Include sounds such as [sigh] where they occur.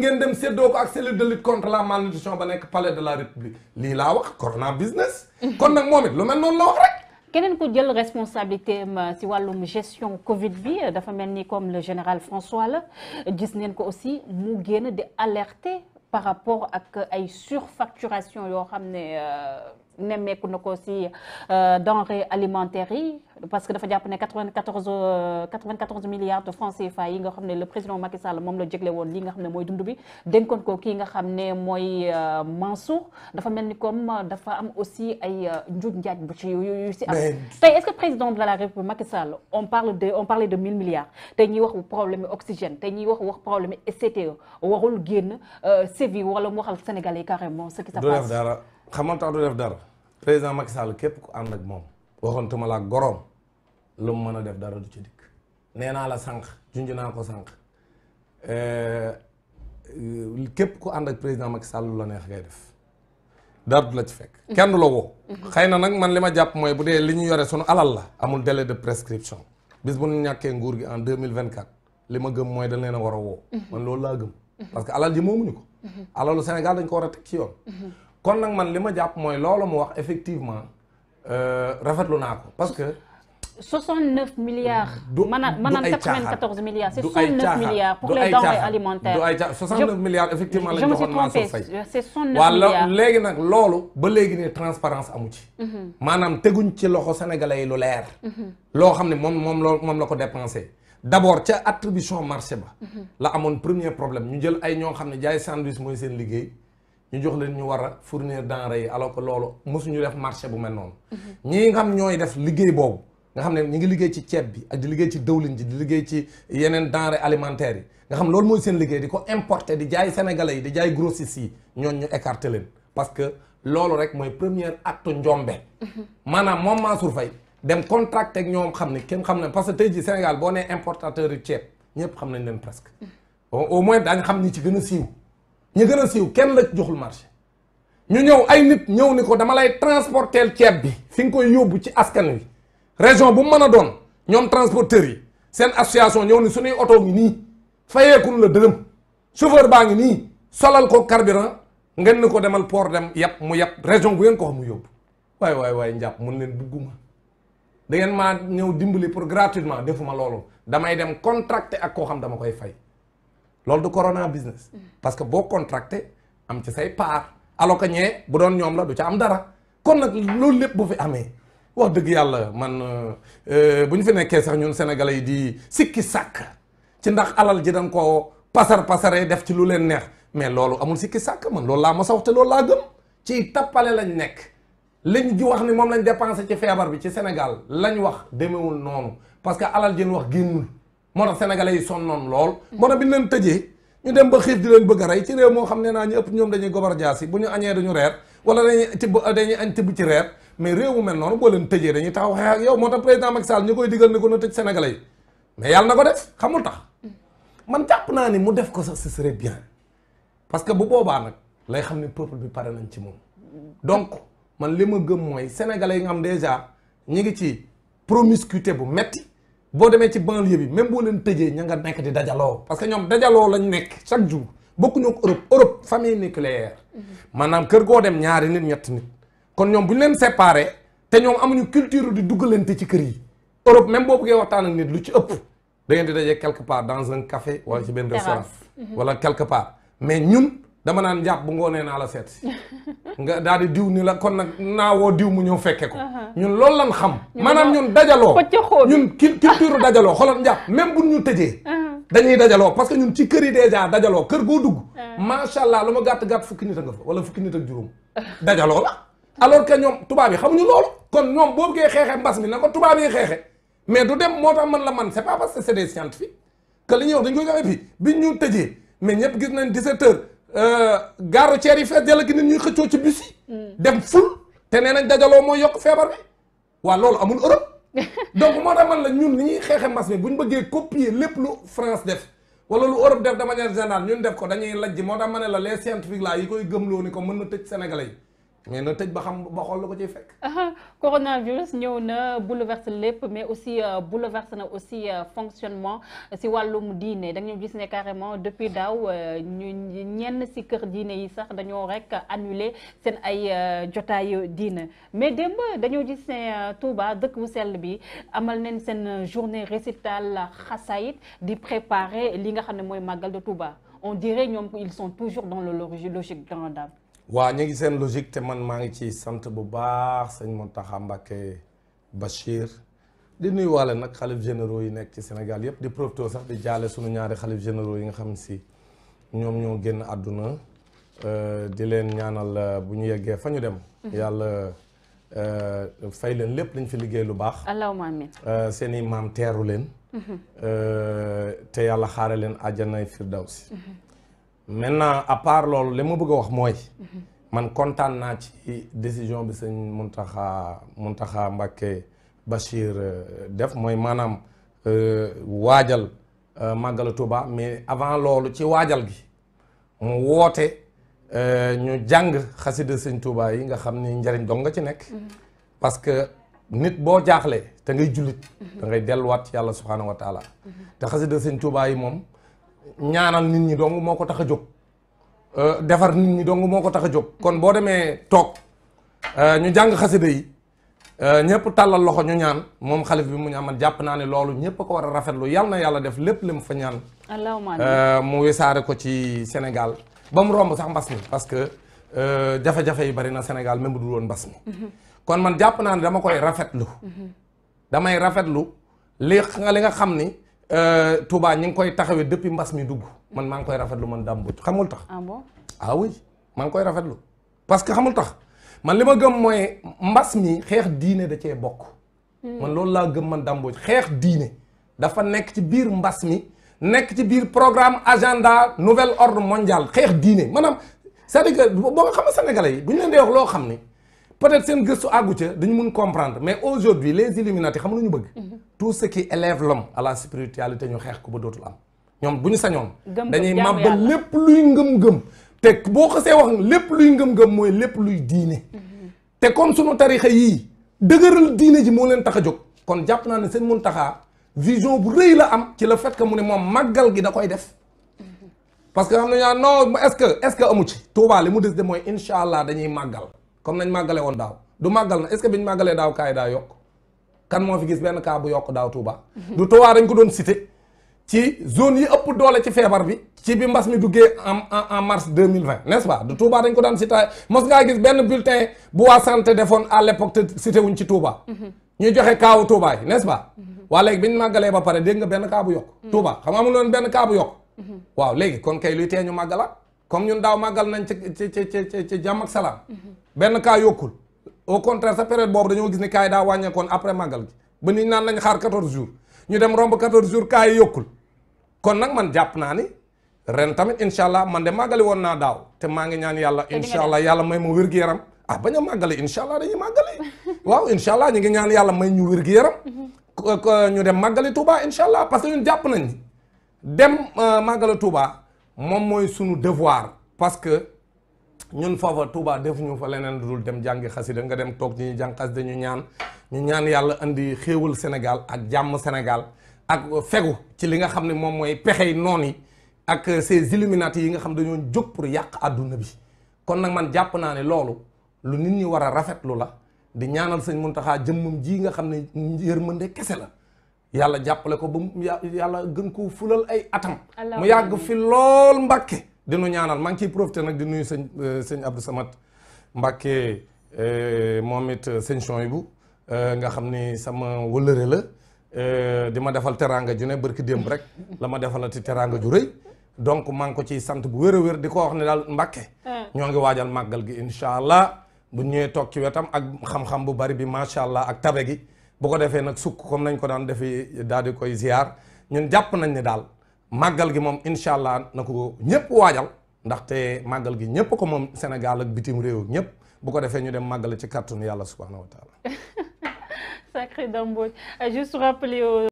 ngeen dem séddoo ko ak cellule de lutte contre la malnutrition ba nekk palais de la république lii laa wax corona business. Mhm. kon nag moom it lu mel noonu la wax rek. keneen ku jël responsabilité am si euh, wàllum gestion Covid bi euh, dafa mel ni comme le général François la gis neen ko aussi mu génn di alerter par rapport ak ay surfacturation yoo xam ne euh, nemmeeku na ko si denrées alimentaires yi. parce que dafa jàpp ne 94 94 milliards de francs CFA yi nga xam ne le président Macky moom la jégle woon li nga xam ne mooy dund bi ko kii nga xam ne mooy euh, Mansour dafa mel ni comme dafa am aussi ay euh, njuuj njaaj bu ci yu si am tey est-ce que président de la République Macky Sall on parle de on parlait de 1000 milliards tey ñuy wax problème oxygène tey ñuy wax wax problème SCTE warul génn euh, sévi wala mu waxal Sénégalais yi carrément ce qui se passe. du def dara xamal tax du def dara président Macky ak moom lu mu mën a def dara du ci dikk nee naa la sànq junj naa ko sànq euh, képp ku ànd ak président mag Sall lu la neex ngay def dara du la ci fekk. kenn du la woo. xëy na nag man li ma jàpp mooy bu dee li ñu yore sunu alal la. amul délai de prescription bis bu ñàkkee nguur gi en deux mille vingt quatre li ma gëm mooy dañ leen a war a woo. man loolu laa gëm. parce que alal ji moomuñu ko. alalu Sénégal dañ ko war a teg ci yoon. kon nag man li ma jàpp mooy loolu mu wax effectivement euh, rafetlu naa ko parce que. 69 milliards. du maanaam 94 milliards. c'est 69 milliards pour les denrées ay caaxaan 69 milliards effectivement lañ joxoon Mansour Faye. c'est 69 milliards léegi nag loolu. ba léegi ne transparence amu ci. Mhm. maanaam teguñ ci loxo sénégalais yi lu leer. Mhm. loo xam ne moom moom la moom la ko dépensé. d'abord ca attribution marché ba. Mhm. la amoon premier problème ñu jël ay ñoo xam ne jaay sandwich mooy seen liggéey. ñu jox leen ñu war a fournir denrées yi alors ko loolu mosuñu def marché bu mel noonu. ñi nga xam ñooy def liggéey boobu. nga xam ne ñu ngi liggéey ci ceeb bi ak di liggéey ci dëwlin ji di liggéey ci yeneen denrées alimentaires yi nga xam loolu mooy seen liggéey di ko importer di jaay sénégalais yi di jaay grossistes yi ñooñu ñu écarté leen parce que loolu rek mooy première acte njombe maanaam moom Mansour Faye dem contracté ak ñoom xam ne kenn xam ne parce que tey jii Sénégal boo nee importateur yu ceeb ñëpp xam nañ leen presque au moins daañu xam ñi ci gën a siiw ñu gën a siiw kenn la joxul marché ñu ñëw ay nit ñëw ni ko dama lay transporter ceeb bi fi nga koy yóbbu ci askan wi région bu mu mën a doon ñoom transporteurs yi seen association ñëw ni suñuy oto ngi nii fayee fayeekun la dërëm chauffeur baa ngi nii solal ko carburant ngeen ni ko demal pour dem yàpp mu yàpp région bu ngeen ko xam mu yóbbu waay waay waay njàpp mun leen bugguma da ngeen maa ñëw dimbali pour gratuitement defuma loolu damay dem contracté ak koo xam dama koy fay loolu du corona business mm. parce que boo contracté am ci say part alors que bu doon ñoom la du ci am dara kon nag loolu lépp bu fi amee wax dëgg yàlla man euh, bu ñu fi nekkee sax ñun sénégalais yi di sikki sàkk ci ndax alal ji dañ ko pasar pasaree def ci lu leen neex mais loolu amul sikki sàkk man loolu laa mos a wax te loolu laa gëm ci tappale lañ nekk liñ ji wax ni moom lañ dépensé ci feebar bi ci Sénégal lañ wax demewul noonu parce que alal ji ñu wax génnul moo tax sénégalais yi sonnoon lool. moo tax bi ñu leen tëjee ñu dem ba xiif di leen bëgg a rey ci réew moo xam ne naa ñu ëpp ñoom dañuy gobar jaas yi bu ñu añee dañu reer wala dañuy tibb dañuy añ tibb ci reer. mais réew mu mel noonu boo leen tëjee dañuy taxaw xeex ak yow moo tax président Macky Sall ñu koy digal ne ko na tëj Sénégalais yi mais yàlla na ko def xamul tax man jàpp naa ni mu def ko sax ce serait bien parce que bu boobaa nag lay xam ne peuple bi pare nañ ci moom donc man li ma gëm mooy sénégalais yi nga xam déjà ñi ngi ci promiscuité bu metti boo demee ci banlieue bi même boo leen tëjee ña nga nekk di dajaloo parce que ñoom dajaloo lañu nekk chaque jour bokkuñu ak Europe Europe famille nucléaire mhm. maanaam kër goo dem ñaari nit ñetti nit kon ñoom bu ñu leen séparé te ñoom amuñu culture di duggalante ci kër yi Europe même boo bëggee waxtaan ak nit lu ci ëpp da di dajee quelque part dans un café wala ci benn restaurant mhm. wala quelque part mais ñun dama naan jàpp bu ngoonee naa la seet [laughs] nga daal di diw ni la kon nag naawoo diw mu ñëw fekke ko uh-huh. ñun loolu lan xam maanaam ñun dajaloo ñun culture dajaloo xoolal njàpp même bu ñu tëjee uh-huh. dañuy dajaloo parce que ñun ci kër yi dèjà dajaloo kër goo dugg uh-huh. macha allah lu ma gàtt gàtt fukki nit a nga fa wala fukki nit ak juróom [laughs] dajaloo la alors que ñoom tubaab yi xamuñu loolu kon ñoom boo bëggee xeexee mbas mi na ko tubaab yi xeexe mais du dem moo tax man la man c'est pas parce que c'est des scientifiques que li ñuy wax dañ koy joxe fii biñ ñu tëjee mais ñëpp gis euh, gi nit ñuy xëccoo ci bus mm. dem ful te nee nañ dajaloo yokk feebar bi loolu amul Europe [laughs] donc moo tax man la ñun ni ñuy xeexe mbas mi bu ñu bëggee copier lépp lu France def wala lu Europe def de manière générale ñun def ko dañuy lajj moo tax ma ne la les scientifiques là yi koy gëmloo ni ko mën na tëj sénégalais yi mais na tëj ba xam ba xool la ko ciy fekk. coronavirus ñëw na bouleverse lépp mais aussi euh, bouleverse na aussi euh, fonctionnement si wàllum diine dañu gis ne carrément depuis daaw euh, ñu ñenn si kër diine yi sax dañoo rek annuler seen ay jotaayu diine mais démb dañoo gis ne Touba dëkk bu sell bi amal neen seen journée récital xasaayit di préparer li nga xam ne mooy màggal de Touba on dirait ñoom ils sont toujours dans le logique grande dame. waaw ñu ngi seen logique te man maa ngi ci sant bu baax sëñ Mountakha Mbacké Bachir di nuyuwaale nag xalif généraux yi nekk ci Sénégal yëpp di profité sax di jaale suñu ñaari xalif généraux yi nga xam si ñoom ñoo génn àdduna euh, di leen ñaanal euh, bu ñu yeggee fa ñu dem mhm. yàlla euh, fay leen lépp dañ fi liggéey lu baax allahumma amiin seen i maam teeru leen mhm. te yàlla xaare leen àjjanay firdawsi mhm. maintenant à part loolu li ma bëgg a wax mooy. man kontaan naa ci décision bi sëñ Mountakha Mountakha Mbacké Bachir euh, def mooy maanaam euh, waajal euh, màggala Touba mais avant loolu ci waajal gi mu woote ñu jàng xasida sëñ Touba yi nga xam ni njëriñ dong nga ci nekk. parce que nit boo jaaxlee te ngay jullit. dangay delluwaat ci yàlla subhaanahu wa te xasida sëñ Touba yi moom. ñaanal nit ñi dong moo ko tax a jóg euh, defar nit ñi dong moo ko tax a jóg kon boo demee toog euh, ñu jàng xasida yi euh, ñëpp tàllal loxo ñu ñaan moom xalif bi mu ñu amal jàpp naa ne loolu ñëpp ko war a rafetlu yal yàlla def lépp lim fa ñaan mu wisaare ko ci Sénégal ba mu mbas mi parce que jafe-jafe yi bari na Sénégal même bu dul mbas mi mhm. kon man jàpp naa ne dama koy rafetlu mhm. damay rafetlu li li nga xam ni Euh, Touba ñu ngi koy taxawee depuis mbas mi dugg man maa ngi koy rafetlu man Dame Mbodj xamul tax. ah bon ah maa ngi koy rafetlu parce que xamul tax man li ma gëm mooy mbas mi xeex diine da cee bokk. Hmm. loolu laa gëm man Dame xeex diine dafa nekk ci biir mbas mi nekk ci biir programme agenda nouvel ordre mondial xeex diine maanaam c'est-à-dire boo xam ne yi bu ñu leen di loo xam ni peut-être seen gëstu àggu ca dañu mun comprendre mais aujourd'hui les Illuminati xam nañu bëgg. Mhm. tout ce qui élève l'homme à la spiritualité ñu xeex ko ba dootul am ñoom bu ñu sañoon. dañuy màbbal lépp luy ngëm-ngëm. te boo xasee wax lépp luy ngëm-ngëm mooy lépp luy diine. Mhm. te comme sunu tarixa yii dëgëral diine ji moo leen tax a jóg. kon jàpp naa ne seen mun taxaa vision bu rëy la am ci le fait mu ne moom màggal gi da koy def. Mhm. parce que am nañu non est-ce que ce que amu ci. Tuubaa li mu des de mooy incha allah dañuy màggal. comme nañ màggale woon daaw du màggal na est-ce que biñ màggalee daaw kaay daa yokk kan moo fi gis benn cas bu yokk daaw Touba. Mhm. du Touba dañ ko doon cité ci yi ëpp ci feebar bi. ci bi mbas mi duggee en en en mars deux mille vingt n'est-ce pas du Touba dañ ko daan cité mos ngaa gis benn bulletin bu waa à l'époque te cité wuñ ci Touba. Mhm. ñu joxe kaawu Touba yi n'est-ce pas. Mhm. waa léegi biñ màggalee ba pare dégg nga benn cas bu yokk. Touba xam nga amul woon benn cas yokk. waaw léegi kon kay luy tee ñu comme ñun daaw màggal nañ ca ca ca jàmm ak salaam. benn cas yokkul. au contraire sa période boobu dañoo gis ni cas yi daa wàññeekoon après màggal gi ba nit naan nañ xaar 14 jours ñu dem romb 14 jours cas yi yokkul kon nag man jàpp naa ni ren tamit incha allah man de màggali woon naa daaw te maa ngi ñaan yàlla. incha allah yàlla may ma wér gu yaram. ah bañ a màggale incha allah dañuy màggale [laughs] waaw incha allah ñu ngi ñaan yàlla may ñu wér gu yaram. Mm-hmm. ñu dem màggali Touba incha allah parce que ñun jàpp nañ dem euh, màggale Touba. moom mooy sunu devoir parce que ñun foofa Touba defuñu fa leneen dul dem jàngi xasida nga dem toog ñu jàng xasida ñu ñaan ñu ñaan yàlla indi xéewal Sénégal ak jàmm Sénégal ak fegu ci li nga xam ne moom mooy pexey noon yi ak ces illuminati yi nga xam dañoo jóg pour yàq àdduna bi kon nag man jàpp naa ne loolu lu nit ñi war a rafetlu la di ñaanal sëñ Muntaxa jëmm ji nga xam ne yërmande kese la yàlla jàppale ko ba mu yàlla gën koo fulal ay atam mu yàgg fi lool Mbàkke dinu ñaanal maa ngi ciy profité nag di nuyu sëñ euh, sëñ Abdou Samad Mbàkke euh, moom it euh, sëñ Chouaïbou nga xam ni sama wëllëre la di ma defal teraanga ju ne barki démb rek la ma defalati teraanga ju rëy donc maa ngi ko ciy sant bu wér a wér di ko wax ne daal Mbàkke ah. ñoo ngi waajal màggal gi incha allah bu ñëwee toog ci wetam ak xam-xam bu bari bi macha allah ak tabe gi bu ko defee nag sukk comme nañ ko daan defee daal koy ziar ñun jàpp nañ ne daal màggal gi moom incha allah na ko ñëpp waajal ndaxte màggal gi ñëpp ko moom Sénégal ak bitim réew ñëpp bu ko defee ñu dem màggale ci kàttanu yàlla subhanahu wa taala [laughs] sacré Dame